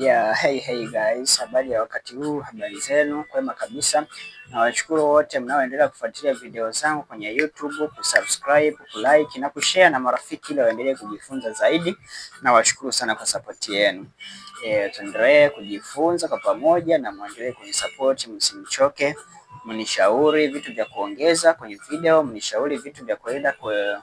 Yeah, hey, hey guys, habari ya wakati huu, habari zenu, kwema kabisa. Na washukuru wote mnaoendelea kufuatilia video zangu kwenye YouTube, kusubscribe, kulike na kushare na marafiki ili waendelee kujifunza zaidi. Na washukuru sana kwa support yenu. E, tuendelee kujifunza kwa pamoja na muendelee kunisupport, msimchoke, mnishauri vitu vya kuongeza kwenye video, mnishauri vitu vya kuenda kwa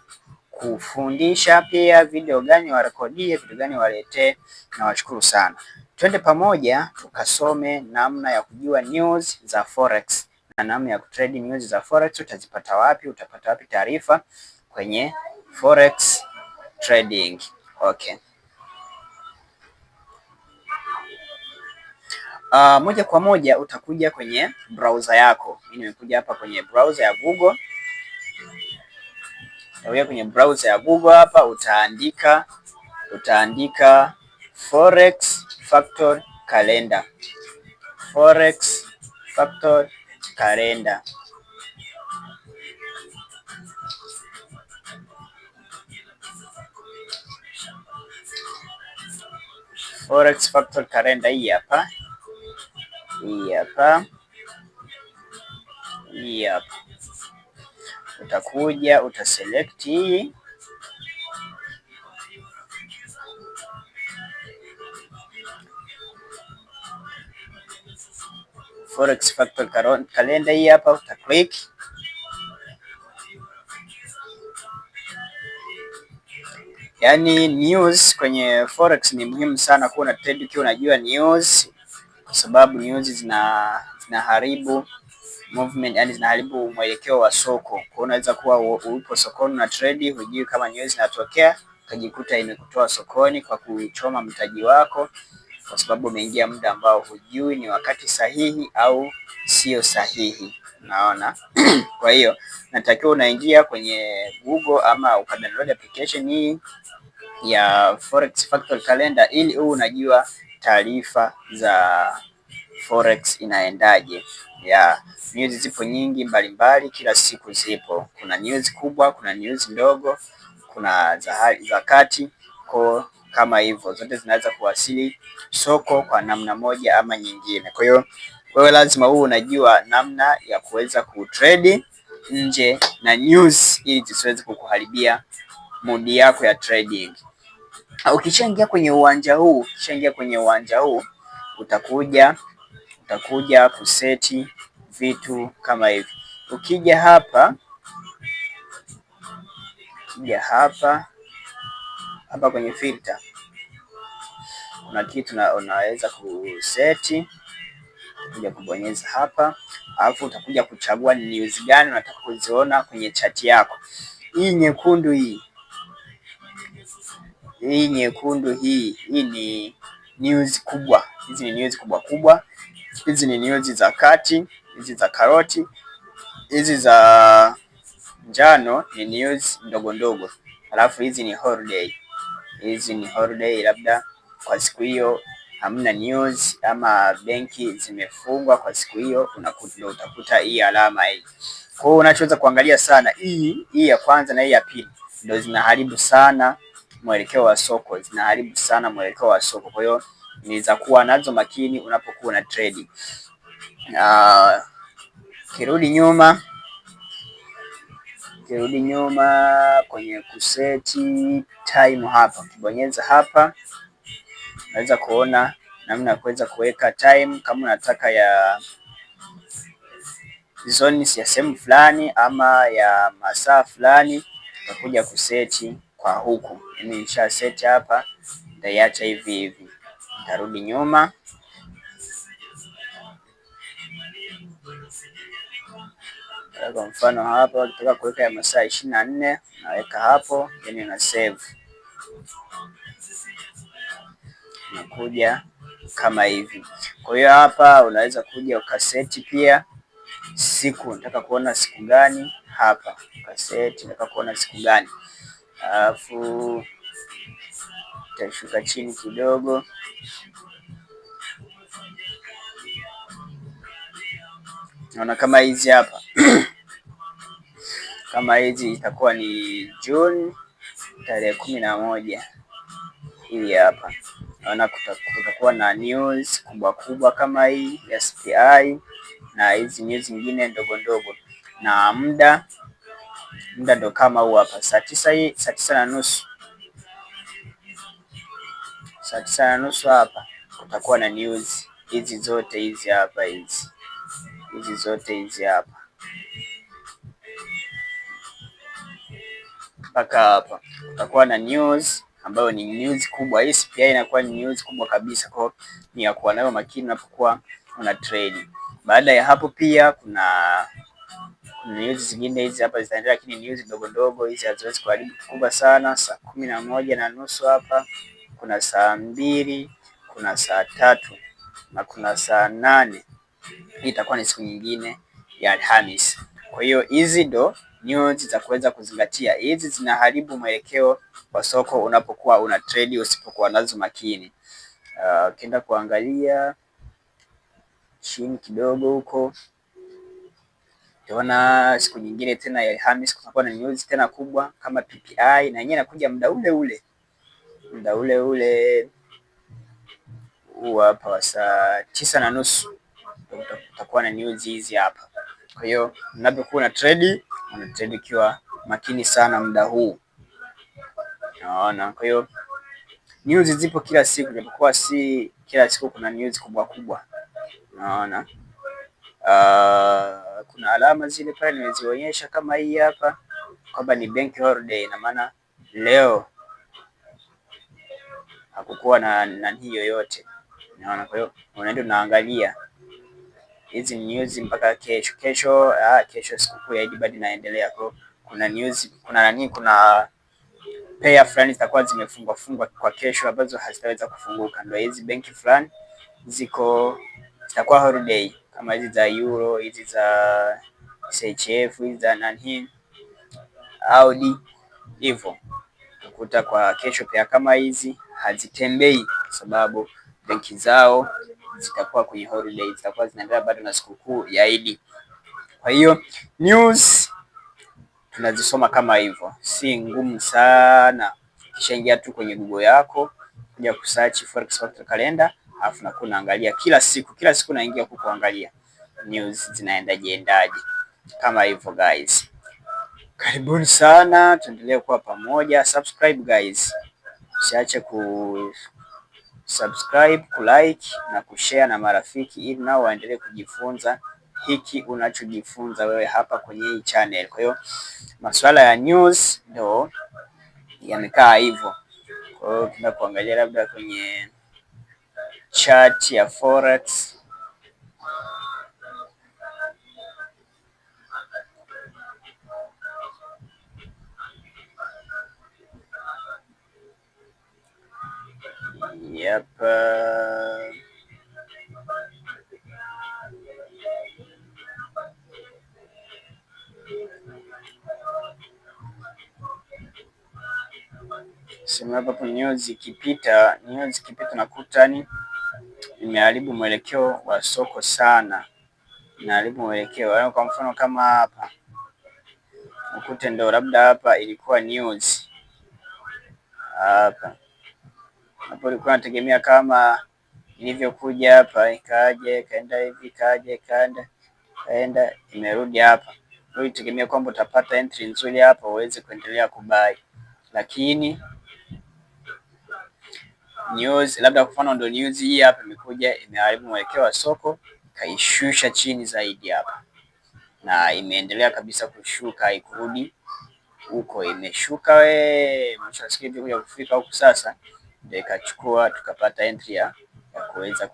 kufundisha pia video gani warekodie, video gani waletee, na washukuru sana. Twende pamoja tukasome namna ya kujua news za forex na namna ya kutrade news za forex. Utazipata wapi? Utapata wapi taarifa kwenye forex trading? Okay. Uh, moja kwa moja utakuja kwenye browser yako. Mimi nimekuja hapa kwenye browser ya Google. Utakuja kwenye browser ya Google hapa utaandika utaandika forex factor calendar forex factor calendar forex factor calendar hii hapa, hii hapa, hii hapa. Utakuja utaselect hii Forex Factory calendar hii hapa uta click. yani news kwenye forex ni muhimu sana kuwa na trade ukiwa unajua news kwa sababu news zina zinaharibu movement, yani zinaharibu mwelekeo wa soko. Kwa unaweza kuwa upo sokoni na trade hujui kama news inatokea, ukajikuta imekutoa sokoni kwa kuchoma mtaji wako kwa sababu umeingia muda ambao hujui ni wakati sahihi au sio sahihi, naona kwa hiyo natakiwa unaingia kwenye Google ama ukadownload application hii ya Forex Factory Calendar ili huu unajua taarifa za forex inaendaje. Ya news zipo nyingi mbalimbali mbali, kila siku zipo. Kuna news kubwa, kuna news ndogo, kuna za, za kati kwa kama hivyo, zote zinaweza kuwasili soko kwa namna moja ama nyingine. Kwa hiyo wewe lazima huu unajua namna ya kuweza kutrade nje na news ili zisiweze kukuharibia mudi yako ya trading. Ukishaingia kwenye uwanja huu, ukishaingia kwenye uwanja huu utakuja utakuja kuseti vitu kama hivi. Ukija hapa ukija hapa hapa kwenye filter kuna kitu na unaweza kuseti kuja kubonyeza hapa, alafu utakuja kuchagua ni news gani unataka kuziona kwenye chati yako. Hii nyekundu hii hii nyekundu hii hii ni news kubwa, hizi ni news kubwa kubwa, hizi ni news za kati, hizi za karoti, hizi za njano ni news ndogo ndogo, alafu hizi ni holiday, hizi ni holiday labda kwa siku hiyo hamna news ama benki zimefungwa kwa siku hiyo, unakuta utakuta hii alama hii. Kwa hiyo unachoweza kuangalia sana hii hii ya kwanza na hii ya pili ndio zinaharibu sana mwelekeo wa soko, zinaharibu sana mwelekeo wa soko. Kwa hiyo ni za kuwa nazo makini unapokuwa na trade. Uh, kirudi nyuma kirudi nyuma kwenye kuseti time hapa, ukibonyeza hapa Unaweza kuona namna ya kuweza kuweka time kama unataka ya zones ya sehemu fulani ama ya masaa fulani, utakuja kuseti kwa huku. Mimi nisha seti hapa, nitaiacha hivi hivi, nitarudi nyuma kwa mfano hapa ukitaka kuweka ya masaa ishirini na nne unaweka hapo, yani una save unakuja kama hivi. Kwa hiyo hapa unaweza kuja ukaseti pia siku, nataka kuona siku gani hapa, ukaseti nataka kuona siku gani, alafu utashuka chini kidogo naona kama hizi hapa kama hizi itakuwa ni Juni tarehe kumi na moja hii hapa naona kutakuwa na news kubwa kubwa kama hii ya SPI na hizi news nyingine ndogo ndogo, na muda muda ndo kama huu hapa, saa tisa hii, saa tisa na nusu saa tisa na nusu hapa kutakuwa na news hizi zote hizi hapa, hizi hizi zote hizi hapa mpaka hapa kutakuwa na news ambayo ni news kubwa. Hii CPI inakuwa ni news kubwa kabisa, kwa ni ya kuwa nayo makini unapokuwa una trade. Baada ya hapo pia kuna news zingine hizi hapa zitaendelea, lakini news ndogo ndogo hizi haziwezi kuharibu kubwa sana. Saa kumi na moja na nusu hapa kuna saa mbili kuna saa tatu na kuna saa nane. Hii itakuwa ni siku nyingine ya Alhamis. Kwa hiyo hizi ndo nuance za kuweza kuzingatia. Hizi zinaharibu mwelekeo wa soko unapokuwa una trade usipokuwa nazo makini. Ah, ukienda uh, kuangalia chini kidogo huko utaona siku nyingine tena ya Alhamisi kutakuwa na news tena kubwa kama PPI na yenyewe inakuja muda ule ule muda ule ule huu hapa wa saa tisa na nusu utakuwa na news hizi hapa. Kwa hiyo unapokuwa na trade unatrade ukiwa makini sana muda huu, naona. Kwa hiyo news zipo kila siku, japokuwa si kila siku kuna news kubwa kubwa, naona. Uh, kuna alama zile pale nimezionyesha kama hii hapa kwamba ni bank holiday, ina maana leo hakukuwa na nani yoyote, naona. Kwa hiyo unaenda unaangalia hizi news mpaka kesho. Kesho ah, kesho sikukuu ya Eid bado inaendelea, kwa kuna news, kuna nani, kuna pair fulani zitakuwa zimefungwa fungwa kwa kesho ambazo hazitaweza kufunguka. Ndio hizi benki fulani ziko zitakuwa holiday kama hizi za euro, hizi za CHF, hizi za nani, Audi hivyo kuta kwa kesho pia kama hizi hazitembei kwa sababu benki zao zitakuwa kwenye holiday, zitakuwa zinaendelea bado na sikukuu ya Idi. Kwa hiyo news tunazisoma kama hivyo, si ngumu sana. Kisha ingia tu kwenye Google yako kuja kusearch Forex Factor Calendar, alafu nakuwa naangalia kila siku, kila siku naingia kukuangalia news zinaenda endaje, kama hivyo guys. Karibuni sana, tuendelee kuwa pamoja. Subscribe guys, usiache ku subscribe, kulike na kushare na marafiki ili nao waendelee kujifunza hiki unachojifunza wewe hapa kwenye hii channel. Kwa hiyo masuala ya news ndo yamekaa hivyo. Kwa hiyo ukienda kuangalia labda kwenye chat ya forex Yep. Uh... Simu hapo news zikipita, news zikipita nakuta ni imeharibu mwelekeo wa soko sana, inaharibu mwelekeo. Yaani kwa mfano kama hapa ukute ndo labda hapa ilikuwa news hapa hapo ilikuwa nategemea kama ilivyokuja hapa ikaje ikaenda hivi ikaaje ikaenda ikaenda imerudi hapa, itegemea kwamba utapata entry nzuri hapa uweze kuendelea kubai, lakini news labda kwa mfano ndio news hii hapa imekuja imeharibu mwelekeo wa soko kaishusha chini zaidi hapa, na imeendelea kabisa kushuka, haikurudi huko, imeshuka we mwisho wa kuja kufika huku sasa ndio eh, ikachukua tukapata entry ya kuweza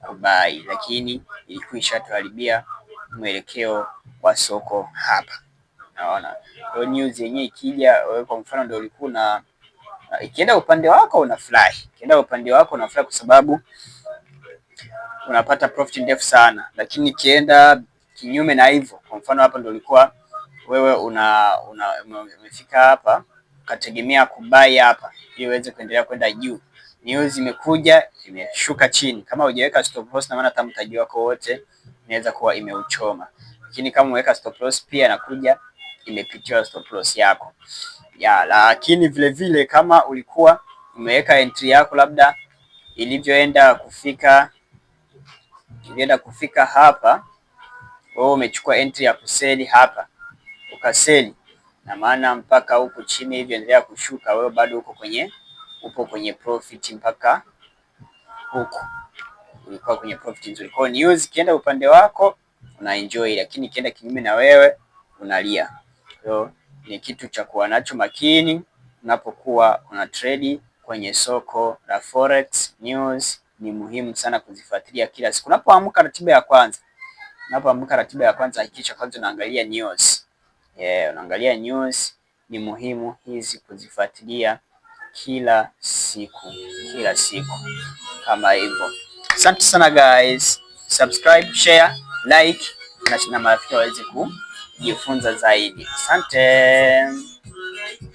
kubai, lakini ilikwisha tuharibia mwelekeo wa soko hapa. Naona kwa news yenyewe ikija, wewe kwa mfano ndio ulikuwa na ikienda upande wako unafurahi, ikienda upande wako unafurahi kwa sababu unapata profit ndefu sana, lakini ikienda kinyume na hivyo, kwa mfano hapa ndio ulikuwa wewe una umefika hapa ukategemea kubai hapa ili uweze kuendelea kwenda juu. News imekuja imeshuka chini, kama hujaweka stop loss, na maana hata mtaji wako wote inaweza kuwa imeuchoma, lakini kama umeweka stop loss pia inakuja imepitiwa stop loss yako ya. Lakini vile vile kama ulikuwa umeweka entry yako labda ilivyoenda kufika ilienda kufika hapa, wewe umechukua entry ya kuseli hapa ukaseli na maana mpaka huku chini endelea kushuka, wewe bado uko kwenye upo kwenye profit mpaka huku ulikuwa kwenye profit nzuri. Kwa hiyo news ikienda upande wako una enjoy, lakini kienda kinyume na wewe unalia. So, ni kitu cha kuwa nacho makini unapokuwa una trade kwenye soko la forex. News ni muhimu sana kuzifuatilia kila siku. Unapoamka ratiba ya kwanza, unapoamka ratiba ya kwanza, hakikisha kwanza unaangalia news yeah, unaangalia news. Ni muhimu hizi kuzifuatilia kila siku kila siku kama hivyo. Asante sana guys, subscribe, share, like na marafiki waweze kujifunza zaidi. Asante.